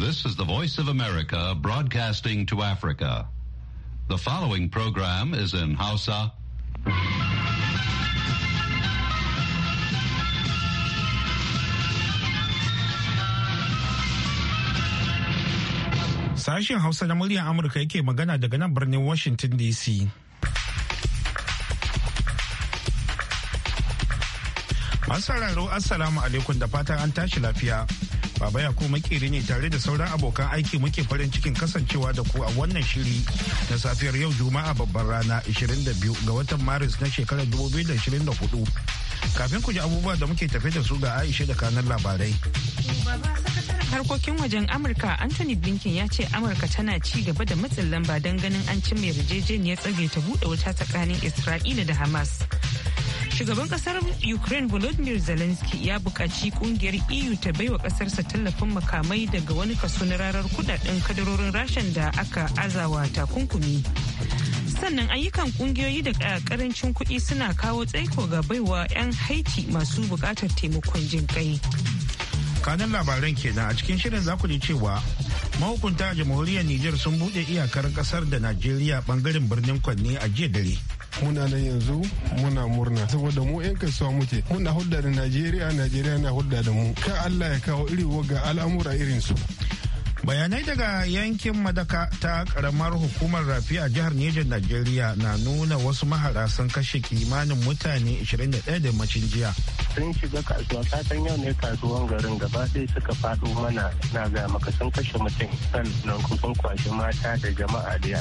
This is the Voice of America broadcasting to Africa. The following program is in Hausa. Sashen Hausa na muryar Amurka yake magana daga nan birnin Washington DC. Masu sauraro Assalamu alaikum da fatan an tashi lafiya. Baba Yakubu makeri ne tare da sauran abokan aiki muke farin cikin kasancewa da ku a wannan shiri na safiyar yau Juma'a babban rana 22 ga watan Maris na shekarar 2024. Kafin ku ji abubuwa da muke tafe da su ga Aisha da kanan labarai. harkokin wajen amurka anthony blinken ya ce amurka tana ci gaba da matsin lamba don ganin an cimma yarjejeniyar tsage ta buɗe wuta tsakanin isra'ila da hamas Shugaban kasar Ukraine Volodymyr Zelensky ya bukaci kungiyar EU ta baiwa ƙasarsa tallafin makamai daga wani kaso na rarar kudaden kadarorin rashin da aka azawa takunkumi. Sannan ayyukan kungiyoyi da karancin kuɗi suna kawo tsaiko ga baiwa 'yan Haiti masu bukatar taimakon jin kai. kanan labaran kenan a cikin shirin za ku ji cewa mahukunta a jamhuriyar Nijar sun buɗe iyakar ƙasar da Najeriya bangaren birnin Kwanne a jiya dare. muna nan yanzu muna murna saboda mu 'yan kasuwa muke muna hulɗa da najeriya najeriya na hulɗa da mu ka allah ya kawo iri waga al'amura irinsu bayanai daga yankin madaka ta karamar hukumar rafi a jihar Nijar Najeriya na nuna wasu mahara sun kashe kimanin mutane 21 da macin jiya. Sun shiga kasuwa katon yau ne kasuwan garin gaba sai suka faɗo mana na ga maka sun kashe mutum sannan sun kwashe mata da jama'a da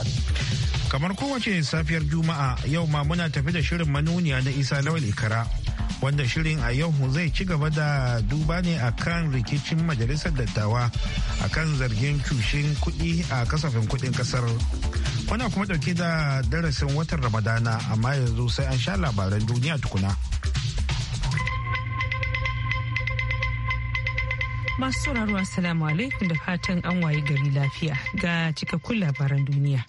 Kamar kowace safiyar Juma'a yau ma muna tafi da shirin manuniya na Isa Lawal Ikara. wanda shirin a yau zai ci gaba da duba ne a kan rikicin majalisar dattawa kan zargin cushin kuɗi a kasafin kuɗin ƙasar kuna kuma ɗauke da darasin watan ramadana amma yanzu sai an sha labaran duniya tukuna masu sauraro assalamu alaikum da fatan an wayi gari lafiya ga cikakkun labaran duniya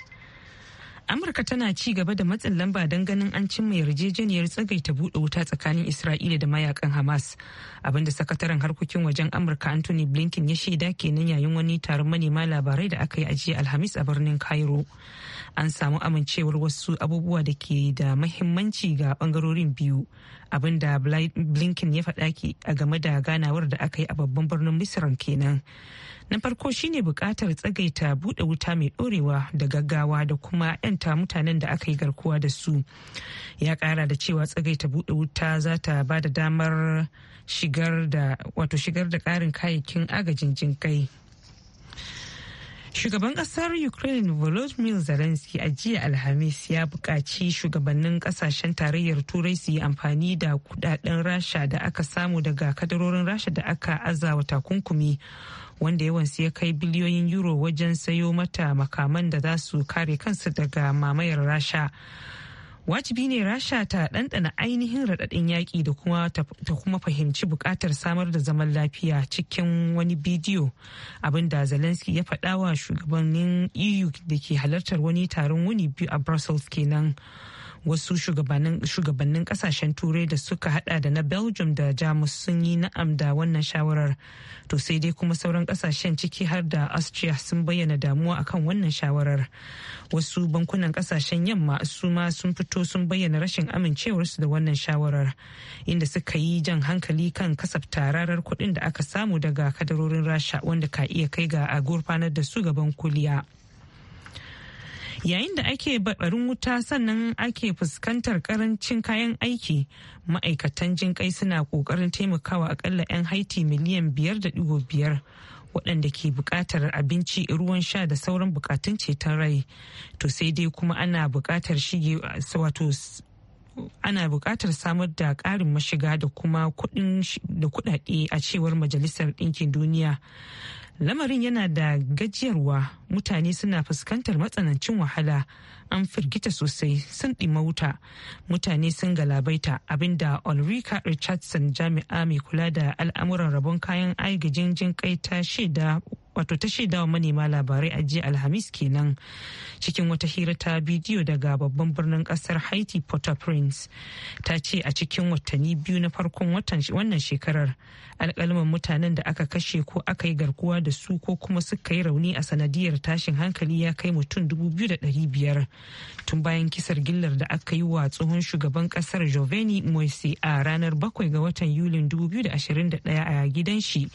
amurka tana ci gaba da matsin lamba don ganin an cimma yarjejeniyar tsagaita buɗe wuta tsakanin isra'ila da mayakan hamas abinda sakataren harkokin wajen amurka anthony blinken ya shaida kenan yayin wani taron manema labarai da aka yi a jiya alhamis a birnin cairo an samu amincewar wasu abubuwa da ke da mahimmanci ga bangarorin biyu abinda blinken ya faɗa a game da ganawar da aka yi a babban birnin misran kenan na farko shine bukatar tsagaita buɗe wuta mai dorewa da gaggawa da kuma 'yanta mutanen da aka yi garkuwa da su ya kara da cewa tsagaita buɗe wuta za ta ba da damar shigar da karin ƙarin kayayyakin agajin kai. Shugaban kasar Ukraine Volodymyr Zelensky a jiya Alhamis ya bukaci shugabannin kasashen tarayyar Turai su yi amfani da kudaden Rasha da aka samu daga kadarorin Rasha da aka aza wa takunkumi wanda yawansu ya kai biliyoyin euro wajen sayo mata makaman da za su kare kansu daga mamayar rasha wajibi ne rasha ta ɗanɗana ainihin raɗaɗin yaƙi da kuma ta kuma fahimci buƙatar samar da zaman lafiya cikin wani bidiyo abinda zelensky ya faɗa wa shugabannin eu da ke halartar wani taron wuni biyu a brussels kenan. wasu shugabannin kasashen turai da suka hada da na belgium da jamus sun yi na'am da wannan shawarar to sai dai kuma sauran kasashen ciki har da austria sun bayyana damuwa akan wannan shawarar wasu bankunan kasashen yamma su ma sun fito sun bayyana rashin amincewarsu da wannan shawarar inda suka yi jan hankali kan kasafta rarar kuɗin da aka samu daga kadarorin rasha wanda ka iya kai ga a gurfanar da su gaban kuliya. yayin da ake baɗarin wuta sannan ake fuskantar karancin kayan aiki ma'aikatan jinƙai suna ƙoƙarin taimakawa akalla 'yan haiti miliyan 5.5 waɗanda ke buƙatar abinci ruwan sha da sauran buƙatun ceton rai to sai dai kuma ana buƙatar shige wato ana buƙatar samar da ƙarin mashiga da kuma kuɗin da kuɗaɗe a cewar majalisar ɗinkin duniya lamarin yana da gajiyarwa mutane suna fuskantar matsanancin wahala an firgita sosai sun ɗima wuta mutane sun galabaita abinda ulrika richardson jami'a mai kula da al'amuran rabon kayan agajin jin kai ta shaida wato ta shaida wa manema labarai a jiya alhamis kenan cikin wata hira ta bidiyo daga babban birnin kasar haiti port-au-prince ta ce a cikin watanni biyu na farkon wannan shekarar alkalman mutanen da aka kashe ko aka yi garkuwa da su ko kuma suka yi rauni a sanadiyar tashin hankali ya kai mutum biyar tun bayan kisar gillar da aka yi wa tsohon shugaban kasar joveni moise a ranar bakwai ga watan yulin 2021 a gidan shi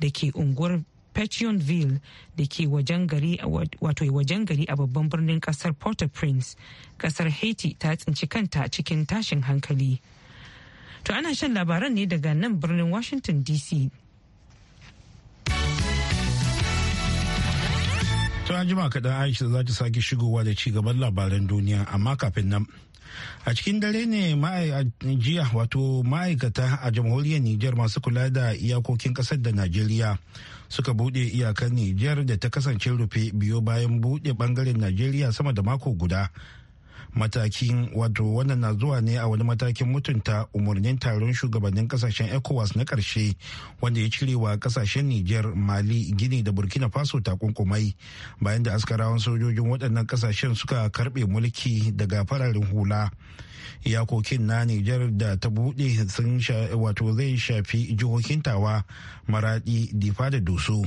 da ke unguwar Petionville da ke wajen gari a babban birnin kasar Port-au-Prince, kasar Haiti ta tsinci kanta cikin tashin hankali. To ana shan labaran ne daga nan birnin Washington DC. an jima kaɗan aisha za ta sake shigowa da ci gaban labaran duniya amma kafin nan a cikin dare ne jiya wato ma'aikata a jamhuriyar nijar masu kula da iyakokin ƙasar da najeriya suka buɗe iyakan Nijar da ta kasance rufe biyo bayan buɗe ɓangaren Najeriya sama da mako guda. Matakin wato wannan na zuwa ne a wani matakin mutunta umarnin taron shugabannin kasashen ECOWAS na ƙarshe wanda ya cire wa kasashen Nijar, Mali, Gini da Burkina Faso takunkumai bayan da askarawan sojojin waɗannan kasashen suka karɓe mulki daga fararen hula. iyakokin na Nijar da ta buɗe sun wato zai shafi jihohin tawa maradi difa da dusu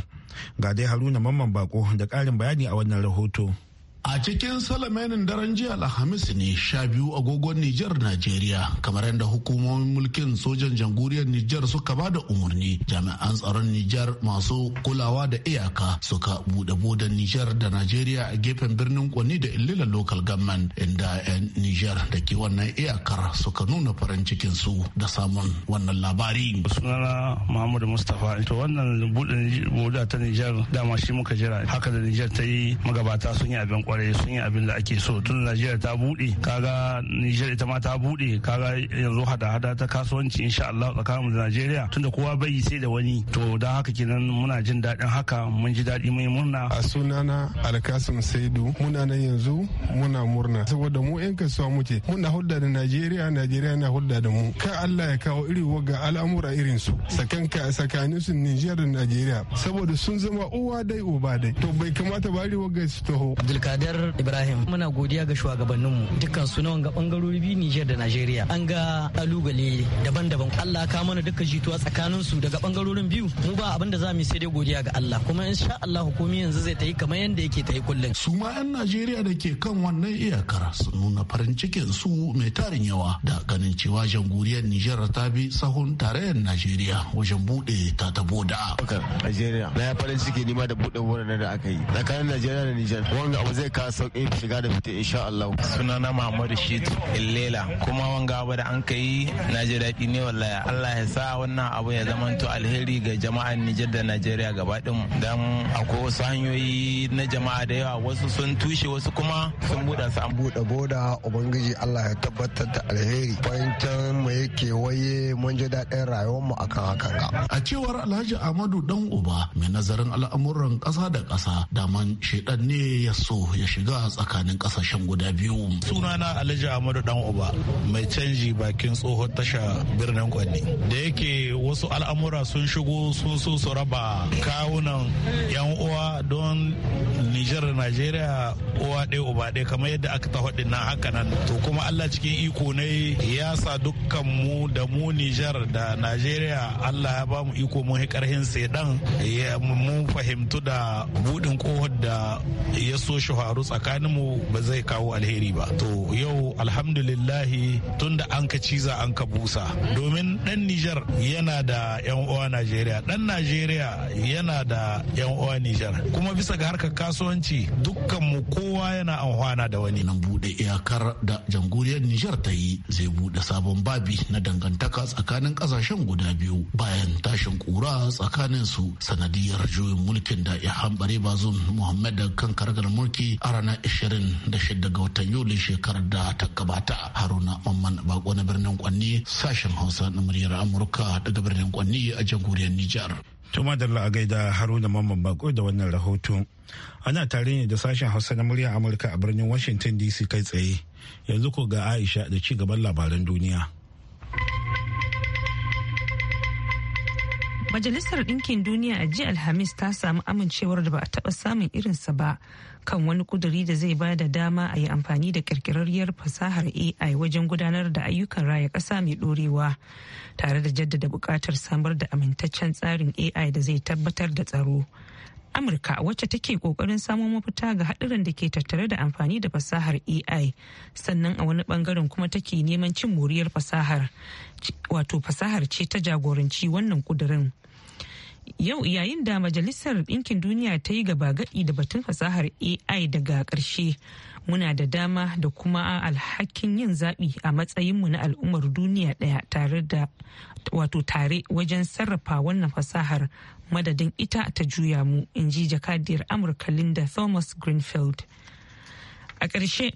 ga dai haruna mamman bako da ƙarin bayani a wannan rahoto. A cikin salamenin daren jiya Alhamis ne sha biyu agogon Nijar Najeriya kamar yadda hukumomin mulkin sojan jamhuriyar Nijar suka ba da umarni jami'an tsaron Nijar masu kulawa da iyaka suka buɗe bodan Nijar da Najeriya a gefen birnin Kwani da Illila Local Government inda 'yan Nijar da ke wannan iyakar suka nuna farin cikin su da samun wannan labari. Sunana Muhammadu Mustapha to wannan buɗe ta Nijar dama shi muka jira haka da Nijar ta yi magabata sun yi abin kwarai sun yi abin da ake so tun Najeriya ta buɗe kaga nijeriya ita ma ta buɗe kaga yanzu hada-hada ta kasuwanci insha Allah tsakanin da Najeriya tunda kowa bai sai da wani to don haka kenan muna jin daɗin haka mun ji daɗi mai murna. A sunana Alkasim Saidu muna nan yanzu muna murna saboda mu 'yan kasuwa muke muna hulɗa da Najeriya Najeriya na hulɗa da mu ka Allah ya kawo iri waga al'amura irin su tsakanin su nijeriya da Najeriya saboda sun zama uwa dai uba dai to bai kamata ba iri waga su taho. Sadar Ibrahim muna godiya ga shugabanninmu dukkan su na wanga bangarori biyu Nijar da Nigeria. an ga kalubale daban-daban Allah ka mana dukkan jituwa tsakanin su daga bangarorin biyu mu ba abin da za mu sai dai godiya ga Allah kuma insha Allah hukumi yanzu zai ta yi kamar yadda yake ta yi kullum su ma 'yan Najeriya da ke kan wannan iyakar sun nuna farin cikin su mai tarin yawa da ganin cewa jamhuriyar Niger ta bi sahun tarayyar Najeriya wajen bude ta ta boda Najeriya na ya farin ciki ma da bude wurin da aka yi tsakanin Najeriya da Niger wanga abu zai zai ka sauƙin shiga da fita insha Allah. Sunana Muhammadu Shitu Illela kuma wanga abu da an kai na ji daɗi ne wallahi Allah ya sa wannan abu ya to alheri ga jama'an Nijar da Najeriya gaba ɗin dan akwai wasu hanyoyi na jama'a da yawa wasu sun tushe wasu kuma sun buɗe su an buɗe boda ubangiji Allah ya tabbatar da alheri fahimtar mu yake waye mun ji daɗin rayuwar mu akan hakan A cewar Alhaji Ahmadu Dan Uba mai nazarin al'amuran ƙasa da ƙasa daman shedan ne ya so ya shiga tsakanin kasashen guda biyu. Sunana Alhaji Ahmadu Dan Uba mai canji bakin tsohon tasha birnin kwani. Da yake wasu al'amura sun shigo sun so su raba kawunan 'yan uwa don Nijar da Najeriya uwa ɗaya uba ɗaya kamar yadda aka ta faɗi na haka nan. To kuma Allah cikin iko ne ya sa dukkan mu da mu Nijar da Najeriya Allah ya bamu iko mun karhin sai dan mun fahimtu da buɗin kohon da ya so shi faru tsakaninmu ba zai kawo alheri ba to yau alhamdulillahi tunda an ka ciza an ka busa domin dan nijar yana da yan uwa najeriya dan najeriya yana da yan uwa nijar kuma bisa ga harkar kasuwanci dukkan mu kowa yana amfana da wani nan bude iyakar da jamhuriyar nijar ta yi zai bude sabon babi na dangantaka tsakanin kasashen guda biyu bayan tashin kura tsakanin su sanadiyar juyin mulkin da ya hambare bazum muhammad da kan kargar mulki a ranar 26 ga watan Yuli shekarar da ta gabata. Haruna Mamman Bako na birnin Kwanni sashen Hausa na muryar Amurka daga birnin Kwanni a jamhuriyar Nijar. Tuma da a gaida Haruna Mamman Bako da wannan rahoto. Ana tare ne da sashen Hausa na muryar Amurka a birnin Washington DC kai tsaye. Yanzu ko ga Aisha da ci gaban labaran duniya. Majalisar dinkin Duniya a jiya Alhamis ta samu amincewar da ba a taba samun irinsa ba kan wani kuduri da zai ba da dama a yi amfani da kirkirarriyar fasahar AI wajen gudanar da ayyukan raya ƙasa mai ɗorewa tare da jaddada buƙatar samar da amintaccen tsarin AI da zai tabbatar da tsaro. Amurka wacce take ƙoƙarin samo mafita ga haɗuran da ke tattare da amfani da fasahar AI sannan a wani bangaren kuma take neman cin moriyar fasahar wato fasahar ce ta jagoranci wannan ƙudirin? yau yayin da majalisar ɗinkin duniya ta yi gaba gaɗi da batun fasahar ai daga ƙarshe muna da dama da kuma alhakin yin zaɓi a matsayinmu na al'ummar duniya ɗaya tare da wato tare wajen sarrafa wannan fasahar madadin ita ta juya mu in ji jakadiyar amurka linda thomas greenfield a ƙarshe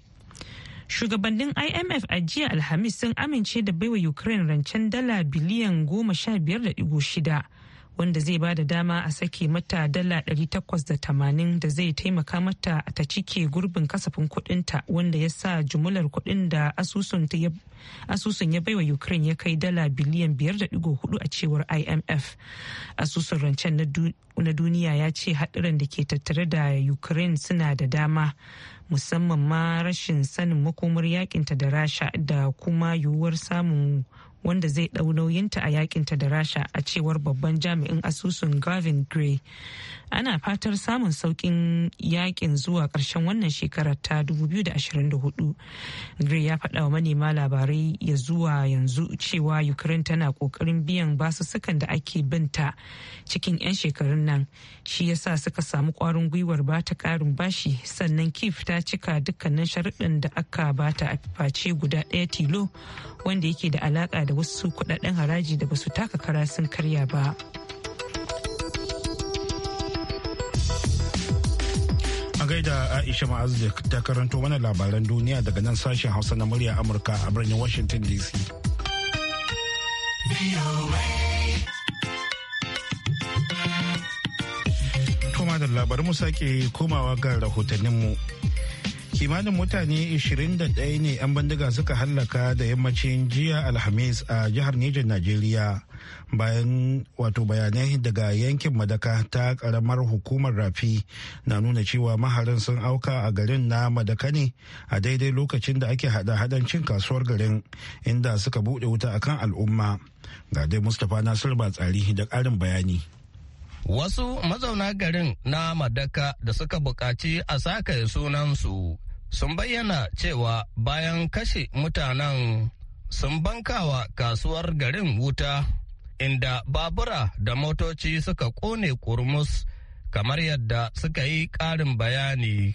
shugabannin imf a jiya alhamis sun amince da baiwa ukraine rancen dala biliyan goma sha biyar da igo shida wanda zai ba da dama a sake mata dala 880 da zai taimaka mata ta cike gurbin kasafin kudinta wanda ya sa jumular kudin da asusun ya baiwa ukraine ya kai dala biliyan 5.4 a cewar imf asusun rancen na duniya ya ce haɗuran da ke tattare da ukraine suna da dama musamman ma rashin sanin makomar yakinta da rasha da kuma yiwuwar samun wanda zai ɗau nauyinta a yakinta da rasha a cewar babban jami'in asusun gavin gray ana fatar samun saukin yakin zuwa ƙarshen wannan shekarar ta 2024 gray ya faɗa wa manema labarai ya zuwa yanzu cewa ukraine tana ƙoƙarin biyan basussukan da ake binta cikin 'yan shekarun nan shi yasa suka samu ƙwarin gwiwar ba ta ƙarin bashi sannan kif ta cika dukkanin sharuɗin da aka bata a face guda ɗaya tilo wanda yake da alaƙa da da wasu kudaden haraji da basu taka kara sun karya ba. A gaida Aisha Ma'azu ta karanto mana labaran duniya daga nan sashen Hausa na murya Amurka a birnin Washington DC. Toma da labarin mu sake komawa ga rahotanninmu. mu. kimanin mutane 21 ne 'yan bindiga suka hallaka da yammacin jiya alhamis a jihar Nijar Najeriya bayan wato bayanai daga yankin madaka ta karamar hukumar rafi na nuna cewa maharin sun auka a garin na madaka ne a daidai lokacin da ake hada hadan cin kasuwar garin inda suka buɗe wuta akan al'umma ga dai mustapha nasir tsari da ƙarin bayani Wasu mazauna garin na Madaka da suka buƙaci a saka sunansu sun bayyana cewa bayan kashe mutanen sun bankawa kasuwar garin wuta inda babura da motoci suka ƙone kurmus kamar yadda suka yi ƙarin bayani.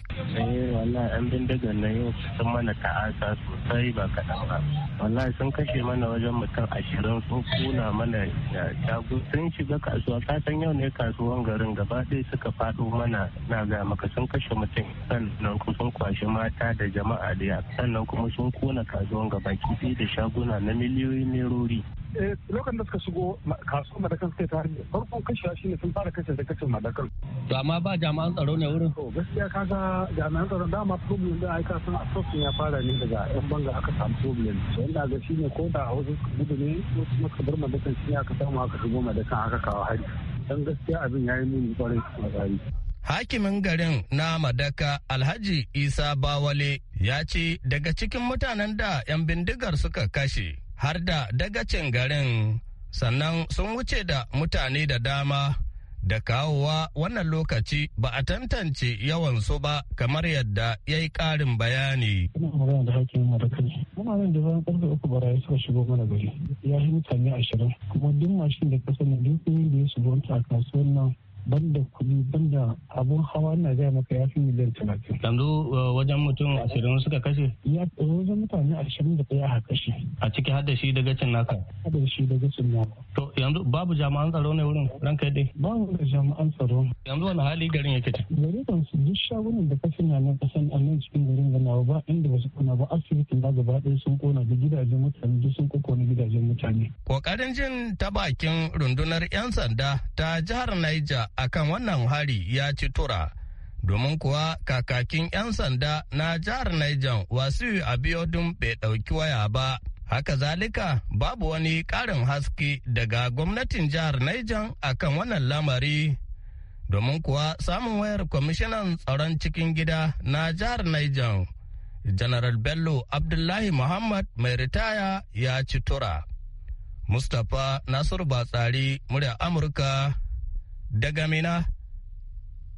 wallahi an bindigar na yau sun mana ta'asa sosai ba kaɗan ba wallahi sun kashe mana wajen mutum ashirin sun kuna mana shago sun shiga kasuwa kasan yau ne kasuwan garin gaba ɗaya suka faɗo mana na ga maka sun kashe mutum sannan kuma sun kwashe mata da jama'a da sannan kuma sun kona kasuwan gaba kiɗi da shaguna na miliyoyin merori. Eh, lokacin da suka shigo kasuwar madakan suka tare da farko kashewa shine sun fara kashe da kashe madakan to amma ba jami'an tsaro ne wurin to gaskiya ga jami'an tsaro dama problem da aika sun asofin ya fara ne daga yan banga aka samu problem to inda ga shine ko da wasu gudu ne ko kuma suka bar madakan shine aka samu aka shigo madakan aka kawo hari dan gaskiya abin ya yi muni kwarai a tsari Hakimin garin na Madaka Alhaji Isa Bawale ya ce daga cikin mutanen da 'yan bindigar suka kashe har da dagacin garin sannan sun wuce da mutane da dama da kawowa wannan lokaci ba a tantance yawan su ba kamar yadda ya yi ƙarin bayani. Ina magana da hakimin ƙarfe uku barayi suka shigo mana gari. Ya yi mutane ashirin. Kuma duk mashin da ka sani duk da ya shigo a kasuwar nan banda kudi banda abun hawa na zai maka ya fi miliyan talatin. yanzu uh, wajen mutum ashirin suka kashe? ya wajen mutane ashirin da ɗaya a kashe. a ciki hada da shi daga cin naka? Hada shi daga cin naka. to yanzu babu jami'an tsaro ne wurin ranka yadda? babu da jami'an tsaro. yanzu wani hali garin yake ci? gari kan su duk shagunan da kashe na nan kasan a nan cikin garin na ba inda ba su kuna ba asibitin ba gaba ɗaya sun kona da gidajen mutane duk sun kokona gidajen mutane. kokarin jin ta bakin rundunar 'yan sanda ta jihar Niger akan wannan hari ya ci tura domin kuwa kakakin 'yan sanda na jihar Niger wasu abiodun bai ɗauki waya ba. Haka zalika babu wani ƙarin haske daga gwamnatin jihar Niger akan wannan lamari. Domin kuwa samun wayar kwamishinan tsaron cikin gida na jihar Niger, General Bello Abdullahi Muhammad mai ritaya ya ci tura. Mustapha Nasiru Batsari, murya Amurka daga Mina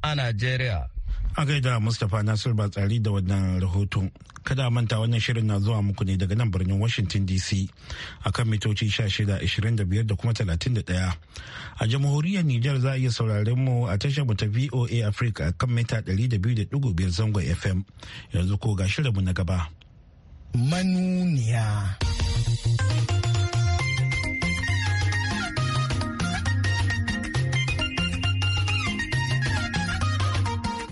a Najeriya. A gaida Mustapha Nasir tsari da wannan rahoto. Kada manta wannan shirin na zuwa muku ne daga nan birnin Washington DC a kan mitoci 1625 da kuma 31. A jamhuriyar Nijar za a iya sauraren mu a tashar mu ta VOA Africa a kan mita 200.5 zangon FM. Yanzu ko ga shirin mu na gaba. Manuniya.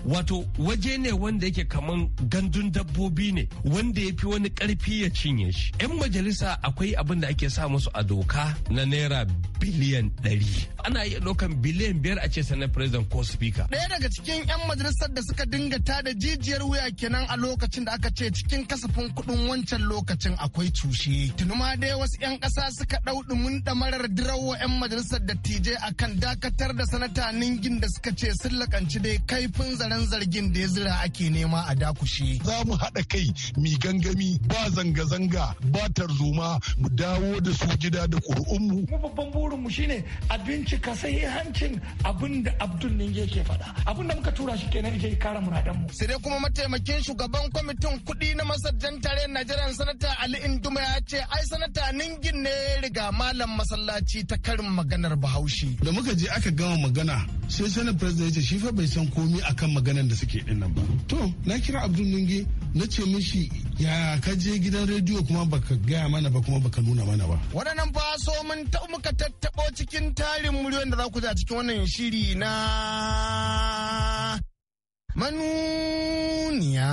wato waje ne wanda yake kaman gandun dabbobi ne wanda ya fi wani karfi ya cinye shi yan majalisa akwai abin da ake sa musu a doka na naira biliyan ɗari ana iya ɗaukan biliyan biyar a ce sanar president ko speaker ɗaya daga cikin yan majalisar da suka dinga tada jijiyar wuya kenan a lokacin da aka ce cikin kasafin kuɗin wancan lokacin akwai cushe tuni ma dai wasu yan ƙasa suka ɗau ɗumin ɗamarar dirawo yan majalisar dattijai akan dakatar da sanata ningin da suka ce sun lakanci dai kaifin za wannan zargin da ya zira ake nema a dakushe. Za mu haɗa kai mi gangami ba zanga-zanga ba tarzoma mu dawo da su gida da ƙuri'unmu. Mu babban burinmu shine a bincika hancin abin da Abdul Ninge ke faɗa. Abin da muka tura shi kenan ita kara muradanmu. Sai dai kuma mataimakin shugaban kwamitin kuɗi na masarjan tare Najeriya sanata Ali Induma ya ce ai sanata Ningin ne riga malam masallaci ta karin maganar Bahaushe. Da muka je aka gama magana sai sanin president ya ce shi fa bai san komi akan maganan da suke din nan ba to na kira abdul Nungi na ce mishi ya ka je gidan rediyo kuma baka gaya mana ba kuma baka nuna mana ba waɗannan fa so mun ta muka tattabo cikin tarin muryoyin da za ku za cikin wannan shiri na manuniya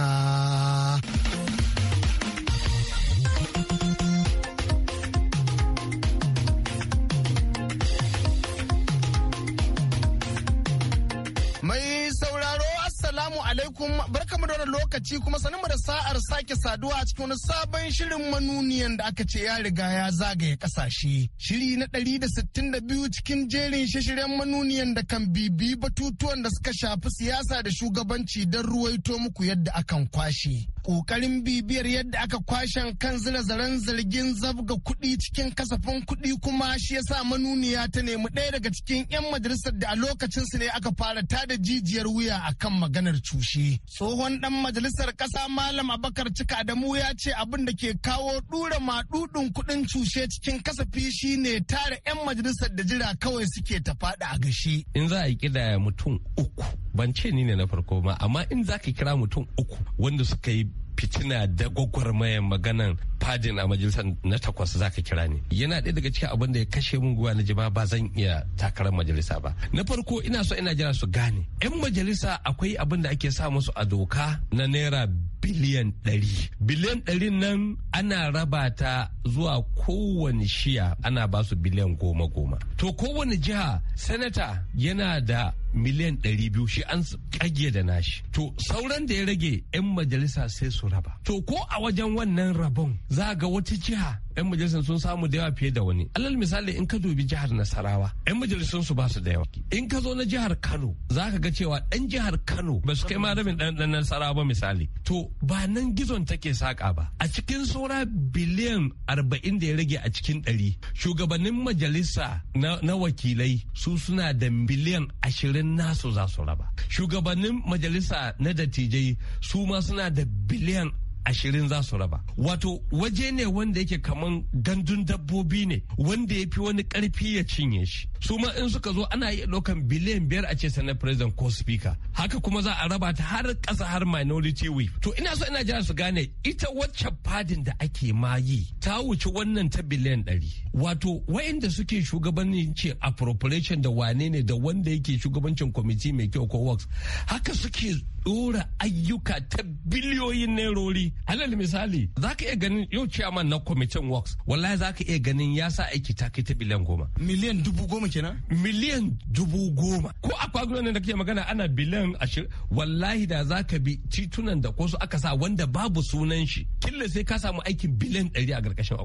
alaikum barkamu da wannan lokaci kuma sanin mu da sa'ar sake saduwa a cikin wani sabon shirin manuniyan da aka ce ya riga ya zagaye kasashe. Shiri na ɗari da sittin da biyu cikin jerin shirin manuniyan da kan bibi batutuwan da suka shafi siyasa da shugabanci don ruwaito muku yadda akan kwashe. Ƙoƙarin bibiyar yadda aka kwashe kan zina zaren zargin zabga kuɗi cikin kasafin kuɗi kuma shi yasa manuniya ta nemi ɗaya daga cikin 'yan majalisar da a lokacinsu ne aka fara tada jijiyar wuya akan maganar cushe. Tsohon ɗan majalisar majalisar ƙasa Malam Abakar Cika Adamu ya ce abin da ke kawo ɗura maɗuɗin kuɗin cushe cikin kasafi shi ne tare 'yan majalisar da jira kawai suke ta faɗi a gashi. In za a yi ƙidaya mutum uku, ban ce ni ne na farko ma, amma in za ka kira mutum uku wanda suka yi fitina da gwagwarmayan maganan fadin a majalisar na takwas za ka kira ni yana ɗaya daga cikin abin da ya kashe mun guwa na jima ba zan iya takarar majalisa ba na farko ina so ina jira su gane yan majalisa akwai abin da ake sa musu a doka na naira biliyan ɗari biliyan ɗari nan ana raba ta zuwa kowane shiya ana ba su biliyan goma goma to kowane jiha sanata yana da miliyan biyu shi an kage da nashi to sauran da ya rage 'yan majalisa sai su raba to ko a wajen wannan rabon za ga wata jiha 'yan majalisar sun samu da yawa fiye da wani alal misali in ka dubi jihar nasarawa 'yan majalisun su ba su da yawa in ka zo na jihar kano za ka ga cewa dan jihar kano ba su kai ma rabin dan ɗan nasarawa ba misali to ba nan gizon take saka ba a cikin saura biliyan arba'in da ya rage a cikin ɗari shugabannin majalisa na wakilai su suna da biliyan ashirin nasu za su raba shugabannin majalisa na dattijai su ma suna da biliyan ashirin za su raba wato waje ne wanda yake kaman gandun dabbobi ne wanda ya fi wani karfi ya cinye shi suma in suka zo ana iya ɗaukan biliyan biyar a ce sanar president ko speaker haka kuma za a raba ta har ƙasa har minority whip to ina so ina jira su gane ita wacce fadin da ake ma yi ta wuce wannan ta biliyan ɗari wato wayanda suke shugabancin appropriation da wane ne da wanda yake shugabancin kwamiti mai kyau ko works haka suke ɗora ayyuka ta biliyoyin nerori alal misali za ka iya ganin yau chairman na kwamitin works wallahi za ka iya ganin ya sa aiki ta kai ta biliyan goma miliyan dubu goma kenan miliyan dubu goma ko akwai ne da kake magana ana biliyan ashirin wallahi da za ka bi titunan da kosu aka sa wanda babu sunan shi killa sai ka samu aikin biliyan ɗari a ƙarƙashin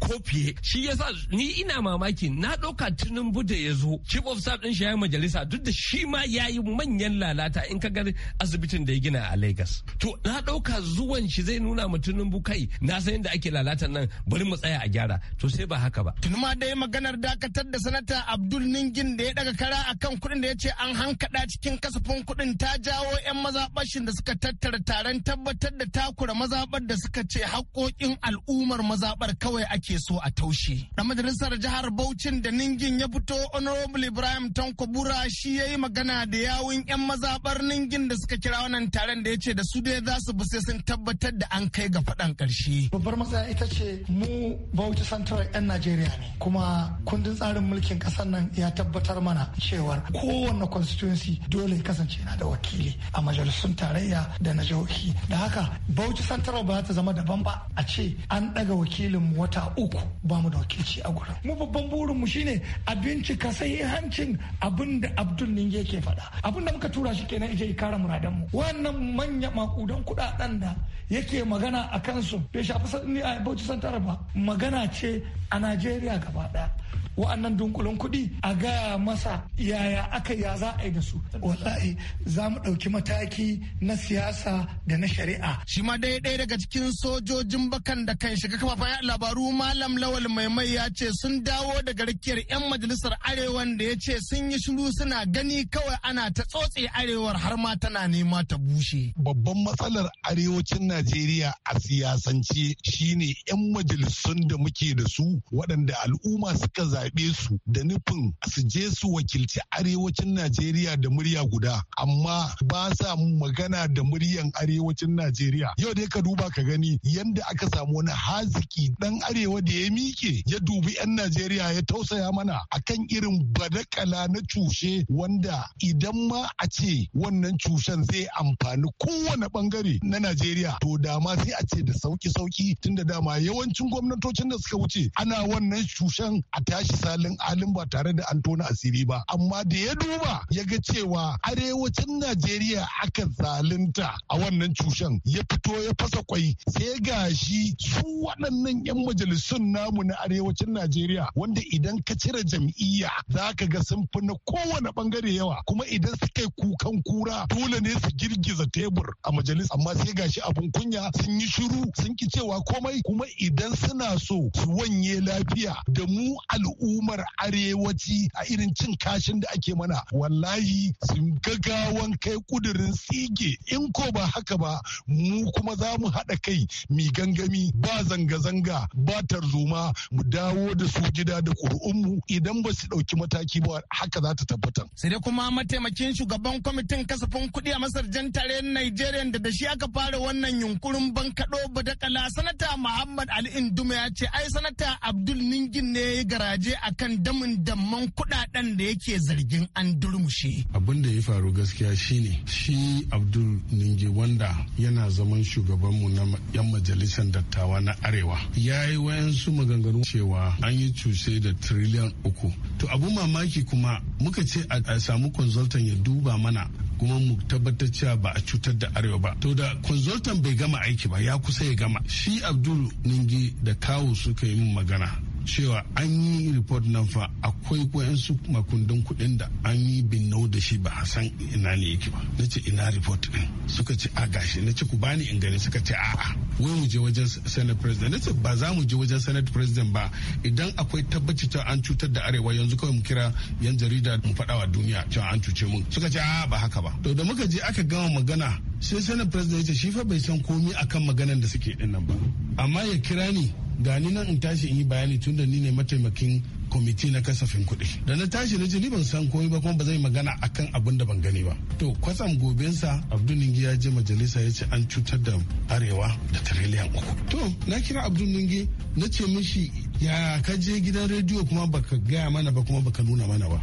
ko fiye shi yasa ni ina mamaki na ɗauka tinubu da ya zo chief of staff ɗin shi ya majalisa duk da shi ma ya yi manyan lalata in ka ga asibitin da ya gina a lagos to na ɗauka zuwan shi zai nuna ma bukai kai na san yadda ake lalata nan bari mu tsaya a gyara to sai ba haka ba tunuma dai maganar dakatar da sanata abdul ningin da ya daga kara a kan kuɗin da ya ce an hankada cikin kasafin kuɗin ta jawo 'yan mazaɓashin da suka tattara taron tabbatar da takura mazaɓar da suka ce haƙoƙin al'ummar mazaɓar kawai ake so a taushe da majalisar jihar bauchi da ningin ya fito honorable ibrahim tanko bura shi ya yi magana da yawun 'yan mazaɓar ningin da suka kira wannan taron da ya ce da su da dai za su bi sai sun tabbatar da an kai ga faɗan ƙarshe. Babbar matsaya ita ce mu Bauchi Central 'yan Najeriya ne kuma kundin tsarin mulkin ƙasar nan ya tabbatar mana cewar kowanne constituency dole kasance na da wakili a majalisun tarayya da na jihohi. Da haka Bauchi Central ba ta zama daban ba a ce an ɗaga wakilin wata uku ba mu da wakilci a gurin. Mu babban burin mu shine a bincika sai hancin abin da Abdul Ninge ke faɗa. Abin da muka tura shi kenan ije kara muradan mu. Wannan manya makudan kuɗaɗen da ya yake magana a kansu bai shafi ni a bauchi santara ba magana ce a najeriya gaba daya wa'annan dunkulen kuɗi a gaya masa yaya aka ya za a yi da su wallahi za mu ɗauki mataki na siyasa da na shari'a shi ma dai ɗaya daga cikin sojojin bakan da kan shiga kafafen yaɗa labaru malam lawal maimai ya ce sun dawo daga rakiyar 'yan majalisar arewan da ya ce sun yi shiru suna gani kawai ana ta tsotse arewar har ma tana nema ta bushe babban matsalar arewacin najeriya a siyasance shine 'yan majalisun da muke da su waɗanda al'umma suka zaɓe su da nufin su je su wakilci arewacin Najeriya da murya guda amma ba sa magana da muryan arewacin Najeriya yau dai ka duba ka gani yadda aka samu wani haziki dan arewa da ya mike ya dubi 'yan Najeriya ya tausaya mana akan irin badakala na cushe wanda idan ma a ce wannan cushen zai amfani kowane bangare na Najeriya to dama sai a ce da sauki sauki tunda dama yawancin gwamnatocin da suka wuce ana wannan shushan a tashi salin alin ba tare da an tona asiri ba amma da ya duba ya ga cewa arewacin najeriya aka zalunta a wannan cushen ya fito ya fasa kwai sai ga shi su waɗannan 'yan majalisun namu na arewacin najeriya wanda idan ka cire jam'iyya za ka ga sun fi na kowane bangare yawa kuma idan suka yi kukan kura dole ne su girgiza tebur a majalis amma sai ga shi abin kunya sun yi shiru sun ki cewa komai kuma idan suna so su wanye zaune lafiya da mu al'ummar arewaci a irin cin kashin da ake mana wallahi sun gagawan kai kudurin tsige in ko ba haka ba mu kuma za mu haɗa kai mi gangami ba zanga-zanga ba tarzoma mu dawo da su gida da ƙuri'unmu idan ba su ɗauki mataki ba haka za ta tabbata. sai dai kuma mataimakin shugaban kwamitin kasafin kuɗi a masar jan tarayyar nigeria da da shi aka fara wannan yunkurin bankaɗo badakala sanata muhammad ali induma ya ce ai sanata Abdul Ningin ne ya garaje a kan damin damman kuɗaɗen da yake zargin an durmushe. Abin da ya faru gaskiya shine shi Abdul Ningi wanda yana zaman shugabanmu na 'yan majalisar dattawa na Arewa. Ya yi wayansu maganganu cewa an yi cuse da triliyan uku. To abu mamaki kuma muka ce a samu consultant ya duba mana kuma mu tabbatar cewa ba a cutar da arewa ba to da consultant bai gama aiki ba ya kusa ya gama shi abdul ningi da kawu suka yi min magana cewa an yi report nan fa akwai wayansu makundin kuɗin da an yi binnau da shi ba a san ina ne yake ba na ce ina report din suka ce a gashi na ce ku bani in gani suka ce a wai mu je wajen senate president na ce ba za mu je wajen senate president ba idan akwai tabbaci ta an cutar da arewa yanzu kawai mu kira yan jarida mu faɗa wa duniya cewa an cuce mun suka ce a ba haka ba to da muka je aka gama magana sai senate president ya ce shi fa bai san komi akan maganan da suke dinnan ba amma ya kira ni da ni nan in tashi in yi bayani tun da ni ne mataimakin kwamiti na kasafin kuɗi da na tashi na ni ban san komai ba kuma ba zai magana akan abin da ban gani ba to kwatsam gobensa abdul ningi ya je majalisa ya ce an cutar da arewa da tiriliyan uku to na kira abdul ningi na ce mishi ya ka je gidan rediyo kuma baka gaya mana ba kuma baka nuna mana ba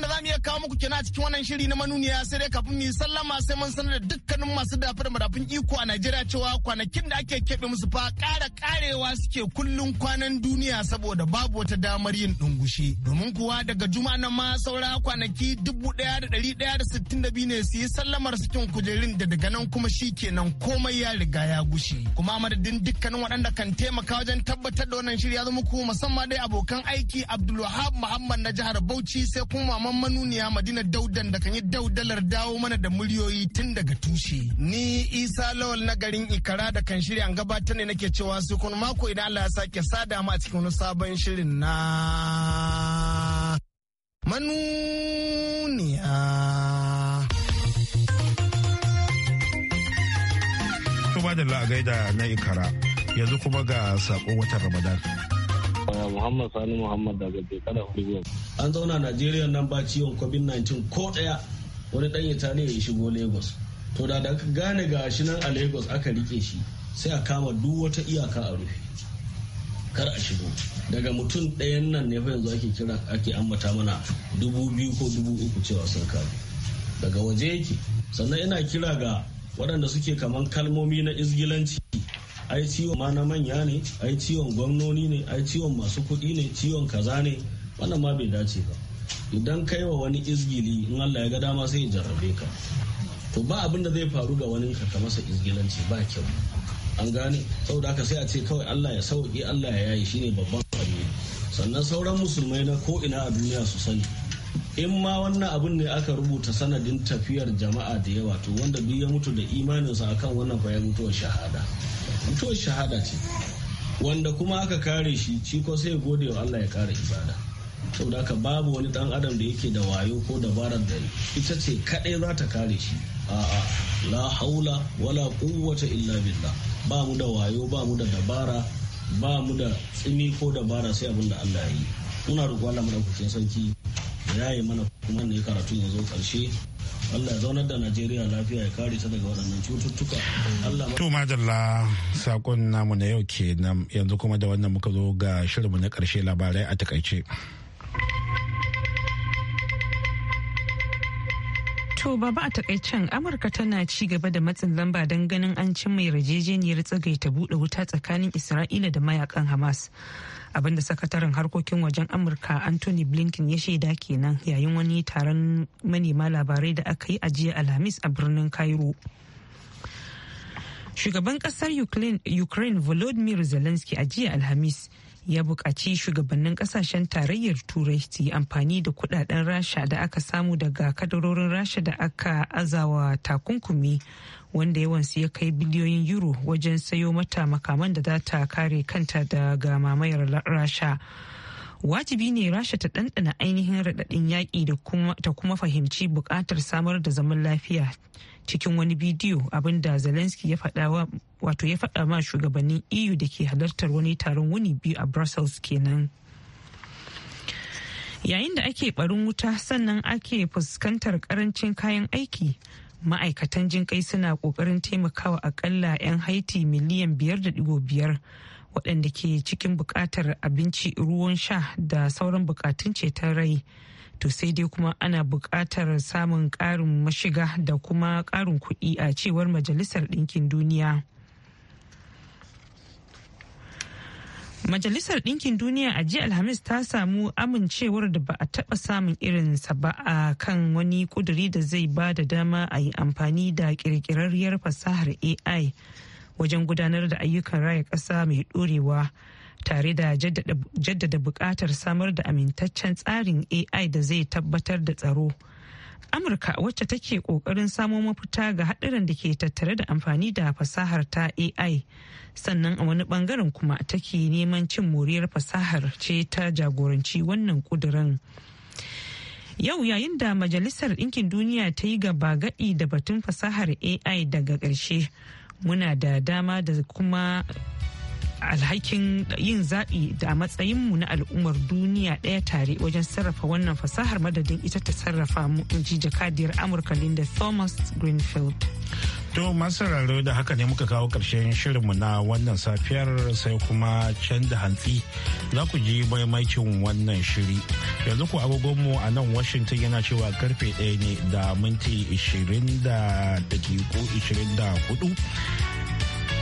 da muku kenan a cikin wannan shiri na manuniya sai dai kafin mu sallama sai mun sanar da dukkanin masu dafa da madafin iko a Najeriya cewa kwanakin da ake keɓe musu fa ƙara ƙarewa suke kullun kwanan duniya saboda babu wata damar yin dungushi. Domin kuwa daga juma'a nan ma saura kwanaki dubu ɗaya da ɗari ɗaya da sittin da biyu ne su yi sallamar cikin kujerun da daga nan kuma shi kenan komai ya riga ya gushe. Kuma madadin dukkanin waɗanda kan taimaka wajen tabbatar da wannan ya zama ku musamman dai abokan aiki Abdulwahab Muhammad na jihar Bauchi sai kuma maman manuniya madina daudan da kan yi daudalar dawo mana da muryoyi tun daga tushe ni isa lawal na garin ikara da kan shirya gabatar ne nake cewa su kun mako idan allah ya sake sada mu a cikin wani sabon shirin na manuniya to ba da la'agai da na ikara yanzu kuma ga sako watan ramadan Muhammad Sani Muhammad daga Jekana Huligo. An zauna Najeriya nan ba ciwon COVID-19 ko ɗaya wani ɗan Italiya ya shigo Lagos. To da aka gane ga shi nan a Lagos aka rike shi sai a kama duk wata iyaka a rufe. Kar a shigo. Daga mutum ɗayan nan ne fa yanzu ake kira ake ambata mana dubu biyu ko dubu uku cewa sun kare. Daga waje yake. Sannan ina kira ga waɗanda suke kaman kalmomi na izgilanci ai ciwon ma na manya ne ai ciwon gwamnoni ne ai ciwon masu kuɗi ne ciwon kaza ne wannan ma bai dace ba idan kai wa wani izgili in Allah ya ga dama sai ya jarrabe ka to ba abin da zai faru ga wani ka masa izgilanci ba kyau an gane saboda haka sai a ce kawai Allah ya sauki Allah ya yayi shine babban abu sannan sauran musulmai na ko ina a duniya su sani in ma wannan abin ne aka rubuta sanadin tafiyar jama'a da yawa to wanda biyu ya mutu da imaninsa akan wannan fa mutuwar shahada mutuwar shahada ce wanda kuma aka kare shi shi ko sai gode wa Allah ya kare ibada saboda haka babu wani dan adam da yake da wayo ko dabarar da ita ce kadai za ta kare shi a'a la haula wala quwwata illa billah ba mu da wayo ba mu da dabara ba mu da tsimi ko dabara sai abin da Allah ya yi muna roƙon Allah madaukakin sarki ya yi mana kuma ne karatu yanzu ƙarshe Allah ya zaunar da Najeriya lafiya ya kare ta daga waɗannan cututtuka. To madalla sakon namu na yau kenan yanzu kuma da wannan muka zo ga shirinmu na ƙarshe labarai a takaice. To ba a takaicen Amurka tana ci gaba da matsin lamba don ganin an cimma yarjejeniyar tsagaita buɗe wuta tsakanin Isra'ila da mayakan Hamas. abinda sakataren harkokin wajen amurka anthony blinken ya shaida kenan yayin wani taron manema labarai da aka yi a jiya alhamis a birnin cairo shugaban kasar ukraine volodymyr zelensky a jiya alhamis ya buƙaci shugabannin kasashen tarayyar turai su yi amfani da kudaden rasha da aka samu daga kadarorin rasha da aka azawa takunkumi wanda yawan yawansu ya kai biliyoyin euro wajen sayo mata makaman da za ta kare kanta daga mamayar rasha wajibi ne rasha ta ɗanɗana ainihin raɗaɗin yaƙi ta kuma fahimci buƙatar samar da zaman lafiya cikin wani bidiyo abinda zelensky ya faɗa wato ya faɗa ma shugabannin eu da ke halartar wani taron wuni biyu a brussels kenan yayin da ake ɓarin wuta sannan ake fuskantar ƙarancin kayan aiki ma'aikatan jinƙai suna ƙoƙarin taimakawa akalla 'yan haiti miliyan biyar da 5.5 waɗanda ke cikin buƙatar abinci ruwan sha da sauran buƙatun ceton rai to sai dai kuma ana buƙatar samun ƙarin mashiga da kuma ƙarin kuɗi a cewar majalisar ɗinkin duniya. Majalisar Ɗinkin Duniya a jiya Alhamis ta samu amincewar da ba a taɓa samun irin sa ba a kan wani ƙuduri da zai ba da dama a yi amfani da ƙirƙirarriyar fasahar AI wajen gudanar da ayyukan raya ƙasa mai ɗorewa tare da jaddada buƙatar samar da amintaccen tsarin AI da zai tabbatar da tsaro. amurka wacce take ƙoƙarin samo mafita ga haɗuran da ke tattare da amfani da fasahar ta ai sannan a wani ɓangaren kuma take neman cin moriyar fasahar ce ta jagoranci wannan ƙudurin. yau yayin da majalisar ɗinkin duniya ta yi gaba gaɗi da batun fasahar ai daga ƙarshe muna da dama da kuma alhakin yin zaɓi da a matsayinmu na al'ummar duniya ɗaya tare wajen sarrafa wannan fasahar madadin ita ta sarrafa mu in ji jakadiyar amurka linda thomas greenfield to masu sauraro da haka ne muka kawo ƙarshen shirinmu na wannan safiyar sai kuma can da hantsi za ku ji maimakin wannan shiri yanzu ku agogonmu a nan washington yana cewa karfe ɗaya ne da minti 20 da dakiku 24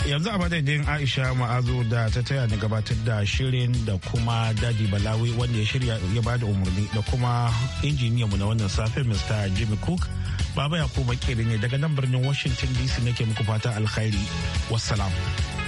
yanzu a madadin aisha ma'azu da ta taya ni gabatar da shirin da kuma daji balawi wanda ya shirya ya ba da umarni da kuma injiniyanmu na wannan safe mr jimmy cook baba ya kuma ne daga nan birnin washington dc nake muku fata alkhairi wasalam.